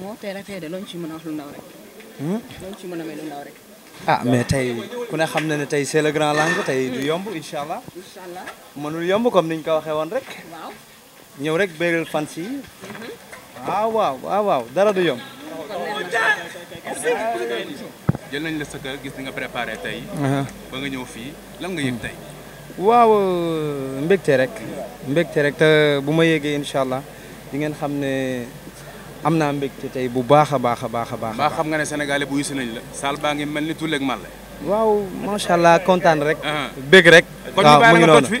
moo tey rek tey de loo ci mën a wax lu ndaw rek. Hmm? mën a ah mais tey ku ne xam na ne tey c'est le grand langue tey du yomb incha allah. incha allah mënul yomb comme ni ñu ko waxee woon rek. ñëw rek béyal fan si. Ah, waaw waaw dara du yomb. jël nañ sa kër gis ni nga préparé tey. Uh-huh. ba nga ñëw fii lan nga yëg waaw mbégte rek. mbégte rek te bu ma yéegee incha allah di ngeen xam ne. am naa mbégte tey bu baax a baax a baax a baax. baax xam nga ne sénégalais bu yusi nañ la. saal baa ngi mel ni Tulle ak Malle. waaw macha allah kontaan rek. Ah. bég rek. waaw mu ngi noonu kon ñu bàyyi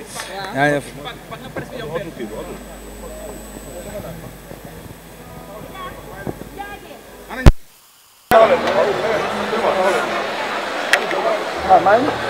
la nga toj fi. yaa ngi def.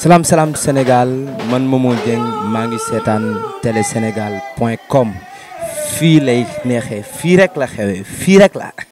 salaam salaam Sénégal man Momo Dieng maa ngi seetaan télé sénégal point com fii lay neexee fii rek la xewe fii rek la.